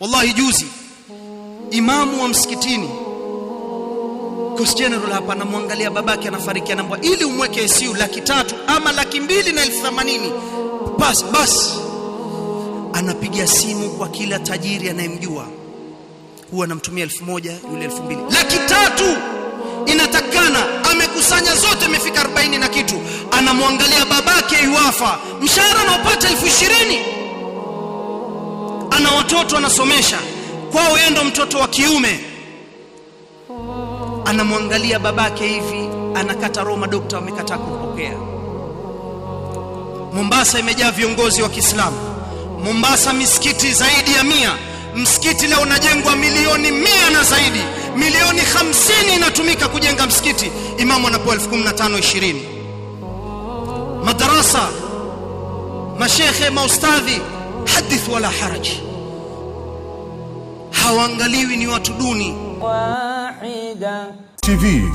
wallahi juzi imamu wa msikitini cost general hapa anamwangalia babake anafariki anambwa ili umweke ICU laki tatu ama laki mbili na elfu themanini bas bas anapiga simu kwa kila tajiri anayemjua huwa anamtumia elfu moja yule elfu mbili laki tatu inatakana amekusanya zote imefika 40 na kitu anamwangalia babake yuafa mshahara anaopata elfu ishirini mtoto anasomesha kwao, yeye ndo mtoto wa kiume, anamwangalia babake hivi, anakata roho. Madokta wamekataa kumpokea. Mombasa imejaa viongozi wa Kiislamu. Mombasa misikiti zaidi ya mia, msikiti leo unajengwa milioni mia na zaidi, milioni hamsini inatumika kujenga msikiti, imamu anapoa 1520 Madarasa, mashekhe, maustadhi, hadith wala haraji hawaangaliwi ni watu duni. Wahida TV